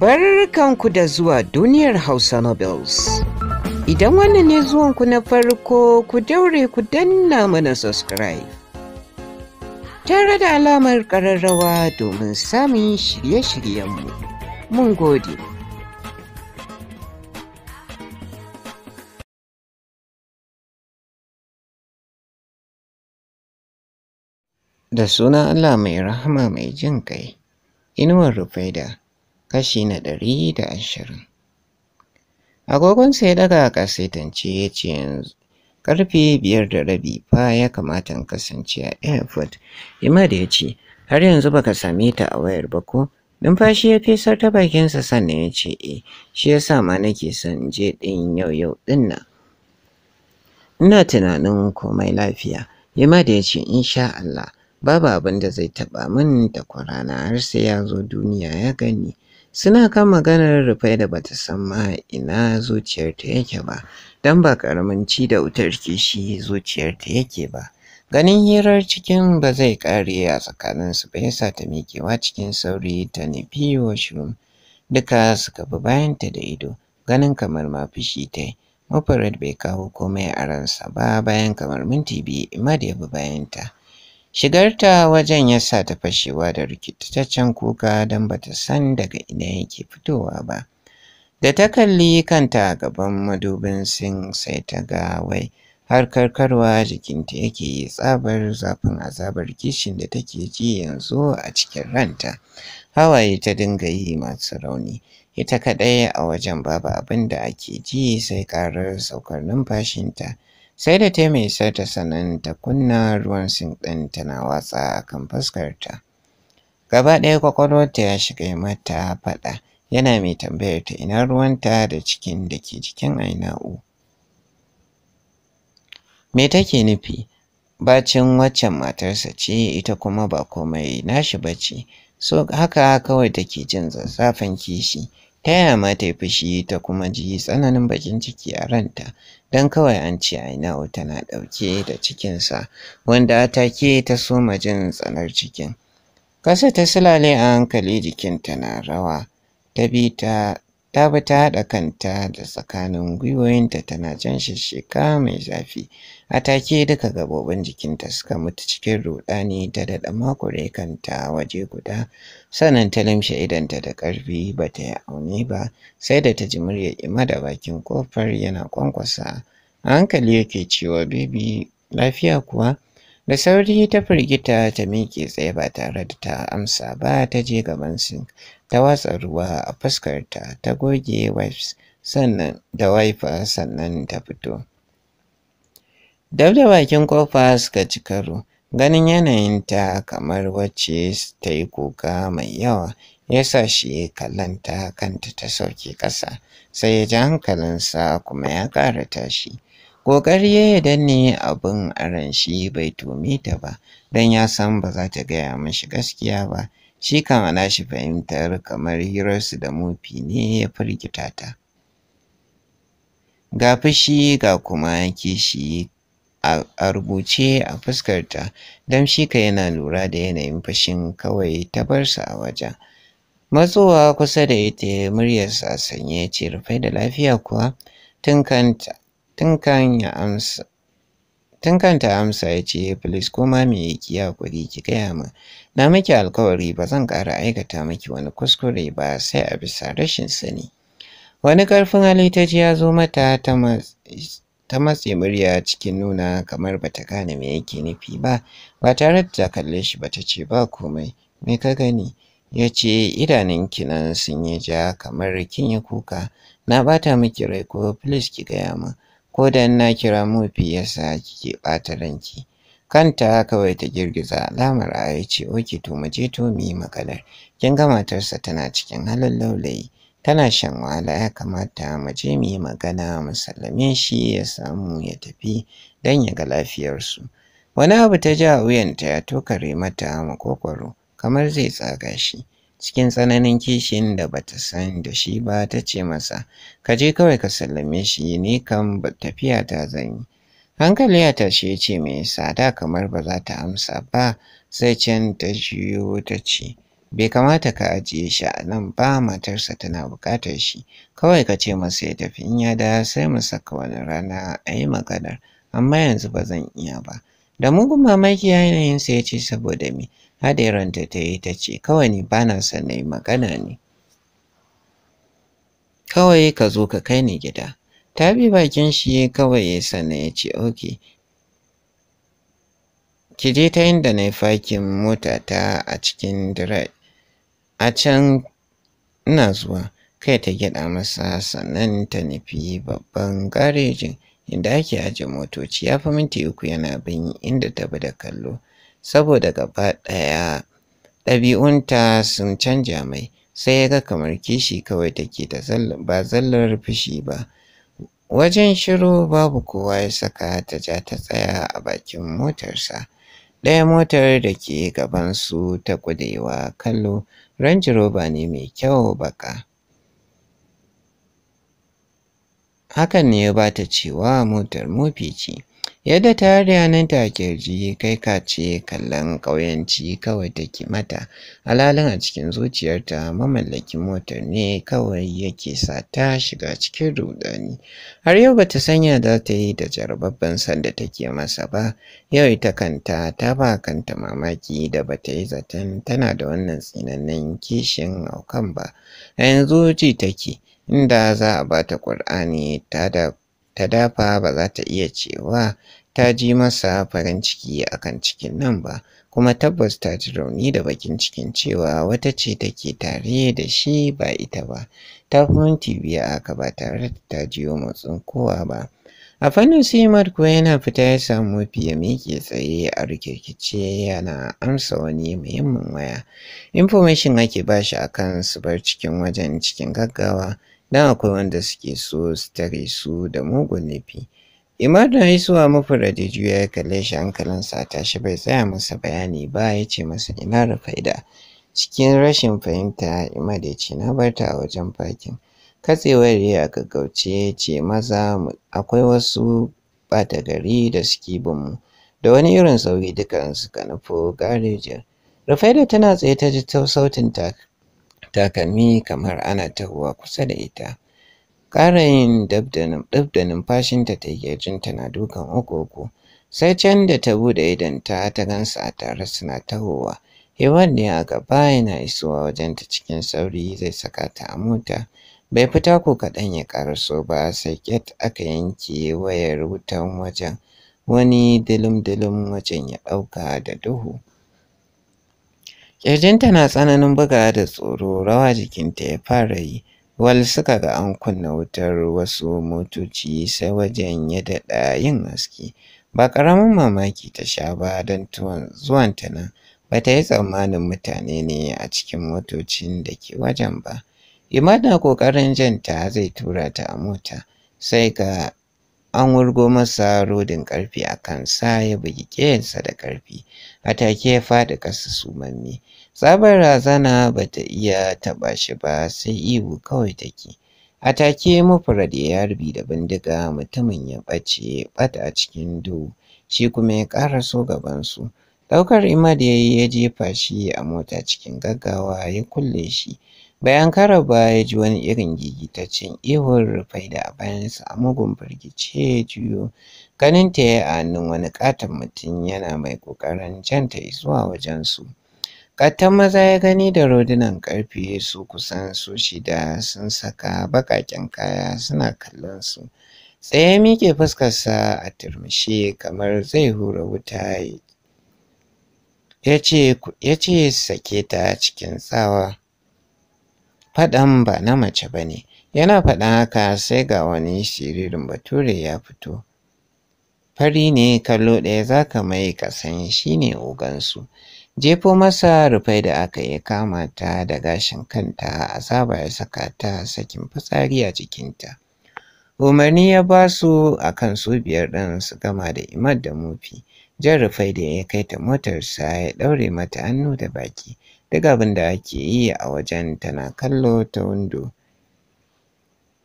Barkanku da zuwa duniyar Hausa Nobels, Idan wannan ne zuwanku na farko ku daure ku danna mana subscribe. Tare da alamar ƙararrawa domin samun shirye-shiryenmu. Mun gode. Da suna Allah mai rahama mai jin kai, inuwar Rufaida. kashi na ɗari da ashirin. Agogonsa ya daga a ƙasaitance ya ce yanzu ƙarfe biyar da rabi fa ya kamata in kasance a airport. Imad ya ce har yanzu baka same ta a wayar ba ko? Numfashi ya fesar ta bakinsa sannan ya ce e shi ya sa ma nake son je ɗin yau yau ɗin nan. Ina tunanin komai lafiya. da ya ce insha Allah babu abin da zai taɓa min da kwarana har sai ya zo duniya ya gani. Suna kan maganar rufai da bata san ma ina zuciyarta yake ba, don ba karamin ci da wutar kishi zuciyarta yake ba. Ganin hirar cikin ba zai kare a tsakaninsu ba yasa ta mikewa cikin sauri ta nufi washroom. Duka suka bi bayanta da ido, ganin kamar ma fushi ta yi. bai kawo komai a ransa ba bayan kamar minti biyu da ya bi bayanta. Shigarta wajen ya sa ta fashewa da rikitaccen kuka don ba ta san daga ina yake fitowa ba. Da ta kalli kanta gaban madubin sin sai ta ga wai har karkarwa jikinta yake yi tsabar zafin azabar kishin da take ji yanzu a cikin ranta. Hawaye ta dinga yi masu rauni. Ita kaɗai a wajen babu abin da ake ji sai ƙarar saukar numfashinta sai da ta mai ta sannan ta kunna ruwan sin ɗin tana watsa a kan fuskarta gaba ɗaya kwakwalwarta ya shiga mata faɗa yana mai tambayar ta ina ruwanta da cikin da ke jikin aina'u me take nufi bacin waccan matarsa ce ita kuma ba komai nashi bace so haka kawai take jin zazzafan kishi ta yaya ma ta yi fushi ta kuma ji tsananin bakin ciki a ranta don kawai an ce ainau tana ɗauke da cikinsa wanda ke ta soma jin tsanar cikin kasa ta silale a hankali jikinta na rawa ta bi ta ta bi ta haɗa kanta da tsakanin gwiwoyinta tana jan shisheka mai zafi a take duka gabobin jikinta suka mutu cikin ruɗani ta daɗa makure kanta waje guda sannan ta limshe idanta da ƙarfi ba ta yi aune ba sai da ta ji murya ima da bakin kofar yana kwankwasa a hankali yake cewa bibi lafiya kuwa da sauri ta firgita ta miƙe tsaye ba tare da ta amsa ba ta je gaban sink ta watsa ruwa a fuskar ta goge wipes sannan da wiper sannan ta fito. Dab bakin kofa suka ci karo, ganin yanayinta kamar wacce ta yi kuka mai yawa ya sa shi kallanta kanta ta sauke ƙasa sai ya ji hankalinsa kuma ya ƙara tashi. Ƙoƙari ya yi danne abin a shi bai tome ta ba don ya san ba za ta gaya mashi gaskiya ba. Shi kan ana shi fahimtar kamar hirarsu da mufi ne ya firgita ta. Ga fushi ga kuma kishi a rubuce a fuskarta don shi ka yana lura da yanayin fashin kawai ta bar su a wajen. Matsowa kusa da ita muryarsa sanye ce rufai da lafiya kuwa Tun kanta amsa ya ce, Filis, ko ma me kuri ki gaya min, Na miki alkawari ba zan ƙara aikata miki wani kuskure ba sai a bisa rashin sani. Wani ƙarfin hali ta ji ya zo mata ta matse murya cikin nuna kamar bata gane me yake nufi ba, ba tare da ta kalle shi ba ta ce ba komai, me ka gani? ya ce idanunki nan sun yi ja kamar kin yi kuka na ɓata miki rai ko please ki gaya min ko da na kira fi yasa kike ɓata ranki Kanta kawai ta girgiza alamar a ya ce oke to mu je to mu yi maganar. Kin ga matarsa tana cikin halin laulayi. Tana shan wahala ya kamata mu je mu yi magana mu sallame shi ya samu ya tafi don ya ga lafiyarsu. Wani abu ta ja wuyanta ya tokare mata makokwaro kamar zai tsaga shi. Cikin tsananin kishin da bata san da shi ba ta ce masa, ka je kawai ka sallame shi ne kam tafiya ta zan yi. Hankali ya tashi ya ce mai tsada kamar ba za ta amsa ba sai can ta juyo ta ce bai kamata ka ajiye shi a nan ba matarsa tana bukatar shi kawai ka ce masa ya tafi in ya da sai mu saka wani rana a yi maganar amma yanzu ba zan iya ba da mugun mamaki yanayinsa ya ce saboda me hadiranta ta yi ta ce kawai ni ba na magana ne kawai ka zo ka kai ni gida ta bi bakin shi kawai ya sani ya ce oke ki je ta inda na fakin mota ta a cikin drive a can ina zuwa kai ta gyaɗa masa sannan ta nufi babban garejin inda ake aje motoci ya fi minti uku yana bin inda ta bi da kallo saboda gaba ɗaya ɗabi'unta sun canja mai sai ya ga kamar kishi kawai take ta ba zallar fushi ba Wajen shiru babu kowa ya saka ta ja ta tsaya a bakin motarsa. Ɗaya motar da ke gabansu ta kudewa kallo Range Rover ne mai kyau baka. Hakan ne ya ba ta cewa motar mofici yadda ta da hannunta a kirji kai ka ce kallon ƙauyanci kawai take mata alalin a cikin zuciyarta mamallakin motar ne kawai yake sa ta shiga cikin rudani har yau bata sanya za ta yi da jarababban sanda take masa ba yau ita kanta ta ba kanta mamaki da bata yi zaton tana da wannan tsinannen kishin aukan ba a yanzu ji take inda za a bata ƙur'ani ta da ta dafa ba za ta iya cewa ta ji masa farin ciki akan cikin nan ba kuma tabbas ta ji rauni da bakin cikin cewa wata ce take tare da shi ba ita ba ta fi minti biyu aka ba tare da ta jiyo motsin kowa ba a fannin simar kuwa yana fita ya samu fiye miƙe tsaye a rikirkice yana amsa wani muhimmin waya information ake ba shi akan su bar cikin wajen cikin gaggawa dan akwai wanda suke so su tare su da mugun laifi imadan haisuwa mafi juya ya kalle shi hankalinsa ta shi bai tsaya masa bayani ba ya ce masa ina da fa'ida cikin rashin fahimta imad ya ce na barta ta a wajen fakin katsewar ya gaggauce ya ce maza akwai wasu ɓata gari da suke bin mu da wani irin sauri dukansu ka nufo garejin Rufaida tana tsaye ta ji sautin takami kamar ana tahowa kusa da ita ƙara yin dab da numfashinta ta yi ƙirjinta na dukan uku uku sai can da ta buɗe idanta ta gansa a tare suna tahowa Hewan ne a gaba yana isowa wajenta cikin sauri zai saka ta a mota. Bai fita ko kaɗan ya ƙaraso ba sai ƙyat aka yanke wayar wutan wajen wani dilim-dilim wajen ya ɗauka da duhu. Kirjinta na tsananin buga da tsoro, rawa jikinta ya fara yi. Wal suka ga an kunna wutar wasu motoci sai wajen ya daɗa yin haske. Ba ƙaramin mamaki ta sha ba don ta nan, ba ta yi tsammanin mutane ne a cikin motocin da ke wajen ba. Imad na ƙoƙarin janta zai tura ta a mota, sai ga an wurgo masa rodin ƙarfi a kansa ya bugi ƙeyansa da ƙarfi a take ya faɗi ƙasa sumanni tsabar razana ba ta iya taɓa shi ba sai ihu kawai take a take mufrad ya yarbi da bindiga mutumin ya ɓace ɓat a cikin duhu shi kuma ya ƙara so gabansu ɗaukar imad ya yi ya jefa shi a mota cikin gaggawa ya kulle shi Bayan kara baya ya ji wani irin gigitaccen ihun da a bayansa a mugun firgice ya juyo ganin ta yayi a hannun wani ƙaton mutum yana mai ƙoƙarin jan ta zuwa wajensu. Ƙattan maza ya gani da rodunan ƙarfe su kusan su shida sun saka baƙaƙen kaya suna kallon su. Tsaye miƙe fuskarsa a turmushe kamar zai hura wuta ya ce sake ta cikin tsawa. faɗan ba na mace ba ne yana fadan haka sai ga wani shiririn bature ya fito fari ne kallo ɗaya za ka mai kasan shi ne ogansu jefo masa rufai da aka yi kama ta da gashin kanta a saba ya saka ta sakin fitsari a jikinta umarni ya ba su a kan su biyar ɗin su gama da imar da mufi jan rufai da ya kai ta motarsa ya ɗaure mata hannu da baki duk abin da ake yi a wajen tana kallo ta windo.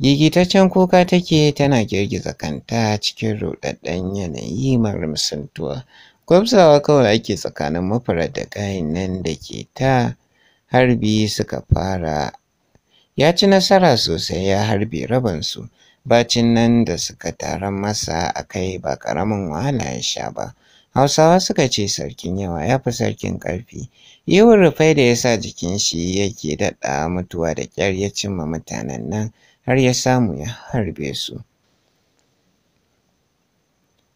Gigitaccen kuka take tana girgiza kanta cikin ruɗaɗɗen yanayi mara misaltuwa. Gwabzawa kawai ake tsakanin mafara da gayin nan da ke ta harbi suka fara. Ya ci nasara sosai ya harbi rabansu. Bacin nan da suka taron masa a kai ba ƙaramin wahala ya sha ba. Hausawa suka ce sarkin yawa ya fi sarkin ƙarfi. Yawan rufai da ya sa jikin shi yake daɗa mutuwa da ƙyar ya cimma mutanen nan har ya samu ya harbe su.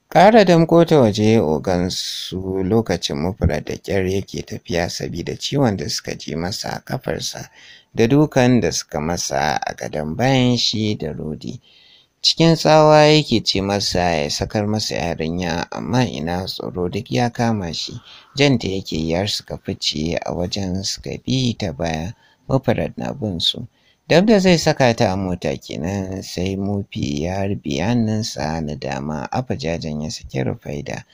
Ƙara damko ta waje ogansu lokacin mufura da ƙyar yake tafiya sabida ciwon da suka ji masa a ƙafarsa da dukan da suka masa a gadon bayan shi da rodi. cikin tsawa yake ce masa ya sakar masa yarinya amma ina tsoro duk ya kama shi jan janta yake yar har suka fice a wajen suka bi ta baya mafarad na bin su dab da zai saka ta a mota kenan sai mufi ya harbi hannunsa na dama afa jajen ya saki da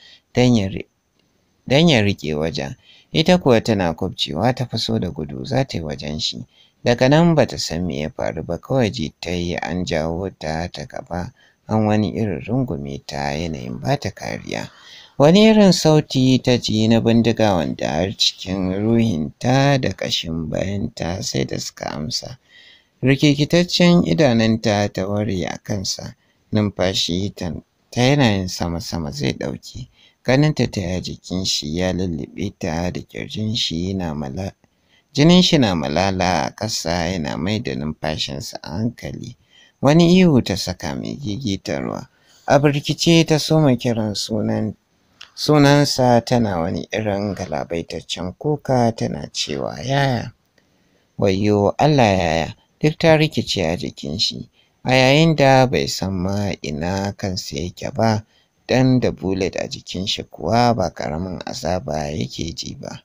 don ya riƙe wajen ita kuwa tana kubcewa ta faso da gudu za ta yi wajen shi daga nan ba ta san me ya faru ba kawai ji ta yi an jawo ta ta gaba an wani irin rungume ta yanayin ba ta kariya wani irin sauti ta ji na bindiga wanda har cikin ruhinta da ƙashin bayanta sai da suka amsa rikikitaccen idanunta ta ware a kansa numfashi ta yana sama-sama zai ɗauke ganinta ta ya jikin shi ya lullube ta da kirjin shi yana mala jinin shi na malala a ƙasa yana mai da numfashinsa a hankali wani ihu ta saka mai gigitarwa a birkice ta soma kiran sunan sunansa tana wani irin galabaitaccen kuka tana cewa yaya wayo Allah yaya duk ta rikice a jikin shi a yayin da bai san ma ina kansa yake ba dan da bullet a jikin shi kuwa ba ƙaramin azaba yake ji ba.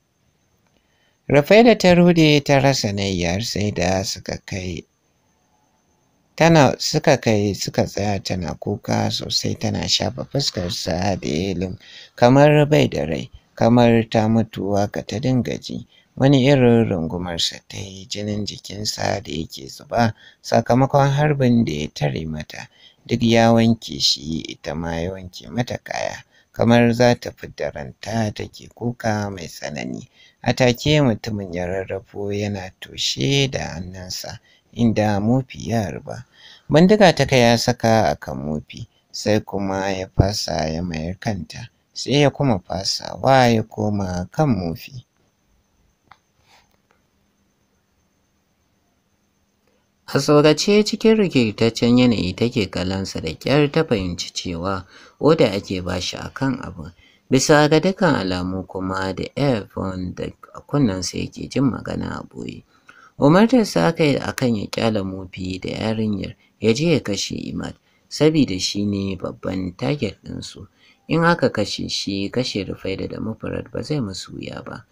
Rafaela ta rude ta rasa nayyar sai da suka kai tana suka kai suka tsaya tana kuka sosai tana shafa fuskarsa da yelin kamar bai da rai kamar ta mutu haka ta dinga ji wani irin rungumarsa ta yi jinin jikinsa da yake zuba sakamakon harbin da ya tare mata duk ya wanke shi ita ma ya wanke mata kaya kamar za ta fidda ranta take kuka mai tsanani a take mutumin ya rarrafo yana toshe da hannunsa inda mofi ya harba bindiga ta kai ya saka a kan mofi sai kuma ya fasa ya mayar kanta sai ya kuma fasawa ya koma kan mofi A tsorace cikin rikitaccen yanayi take kalansa, da kyar ta fahimci cewa oda ake bashi a kan abu. Bisa ga dukkan alamu kuma da airfon da kunnensa yake jin magana a ɓoye. sa aka yi akan ya ƙyala mofi da yarinyar ya je ya kashe Imad, sabida shi ne babban target ɗinsu. In aka kashe shi kashe Rufaida da Mufarad ba zai musu wuya ba.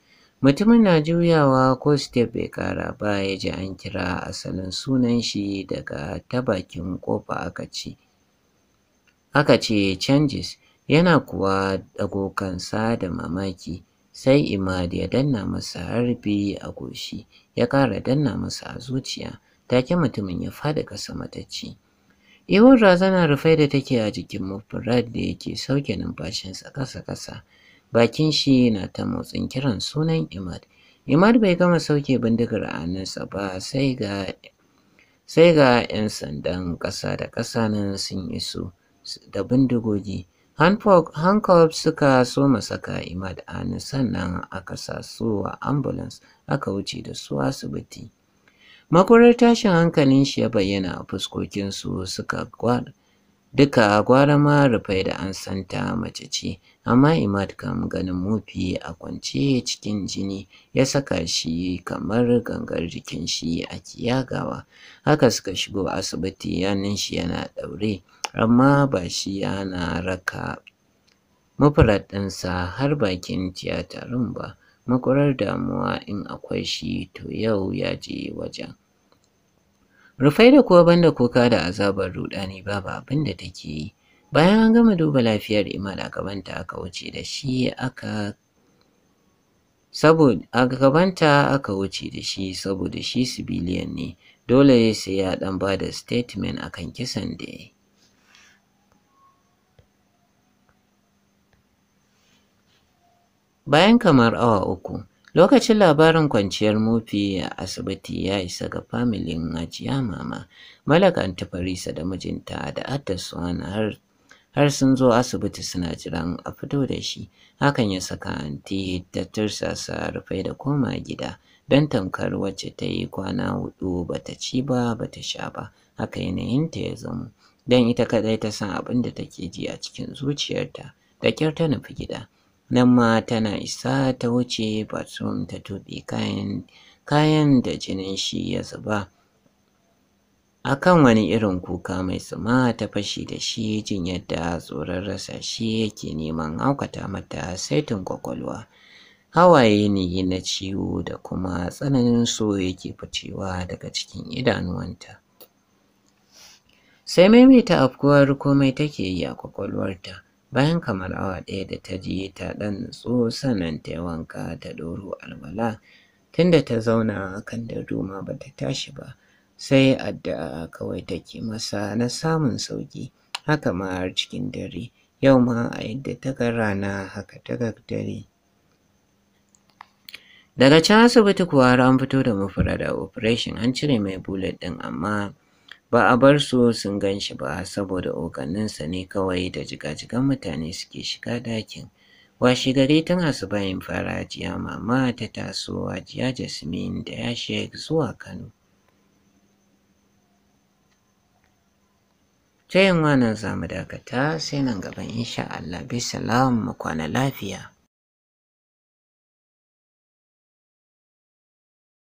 Mutumin na juyawa ko step bai ƙara ba ya ji an kira asalin sunan shi daga ta bakin ƙofa aka ce. Aka ce changes yana kuwa ɗago kansa da mamaki sai Imad ya danna masa harbi a goshi ya ƙara danna masa a zuciya take mutumin ya faɗi ƙasa matacci. Ihun razana rufai da take a jikin Mufrad da yake sauke numfashinsa ƙasa-ƙasa Bakin shi na ta motsin kiran sunan Imad. Imad bai gama sauke bindigar a ba sai ga sai ga 'yan sandan ƙasa da ƙasa nan sun iso da bindigogi. Hancock suka soma saka Imad a sannan aka sa su a ambulance aka wuce da su asibiti. Makurar tashin hankalin shi ya bayyana a fuskokinsu suka Duka gwara ma Rufai da an santa mace ce, amma Imad kam ganin Mufi a kwance cikin jini ya saka shi kamar gangar jikin shi a kiyagawa, Haka suka shigo asibiti yanin shi yana ɗaure, amma ba shi yana raka mufurat ɗinsa har bakin tiyatarin ba. Makurar damuwa in akwai shi to yau ya je wajen. Rufai da kuwa banda kuka da azabar rudani babu abin da take yi. Bayan an gama duba lafiyar Imal a gabanta aka wuce da shi aka saboda a gabanta aka wuce da shi saboda shi sibiliyan ne dole sai ya dan bada statement akan kisan da ya Bayan kamar awa uku, Lokacin labarin kwanciyar mufi a asibiti ya isa ga familin ajiya Mama, Malak Antifarisa Farisa da mijinta da Atta har har sun zo asibiti suna jiran a fito da shi. Hakan ya saka anti ta tursasa rufe da koma gida don tamkar wacce ta yi kwana hudu bata ci ba bata sha ba. Haka yanayinta ya zamo. Don ita kadai ta san abin da take ji a cikin zuciyarta. Da kyar ta nufi gida. nan ma tana isa ta wuce bathroom ta tuɓe kayan da jinin shi ya zuba A kan wani irin kuka mai suma ta fashi da shi jin yadda tsoron rasa shi yake neman aukata mata saitin kwakwalwa hawaye ne na ciwo da kuma tsananin so yake ficewa daga cikin idanuwanta sai maimaita afkuwar komai take yi a kwakwalwarta Bayan kamar awa ɗaya da ta je ta ɗan nutsu sannan ta yi wanka ta ɗoro alwala. Tunda ta zauna kan da duma ba ta tashi ba, sai addu'a kawai take masa na samun sauƙi. Haka ma har cikin dare, yau ma a yadda ta ga rana haka ta ga dare. Daga can asibiti kuwa har an fito da mafura da operation an cire mai bullet ɗin amma ba a bar su sun gan shi ba saboda oganninsa ne kawai da jigajigan mutane suke shiga ɗakin. Washe gari tun asubahin fara jiya mama ta taso ajiya jasmin da ya shek zuwa Kano. Ta yin wannan zamu dakata sai nan gaban insha Allah bisalam mu kwana lafiya.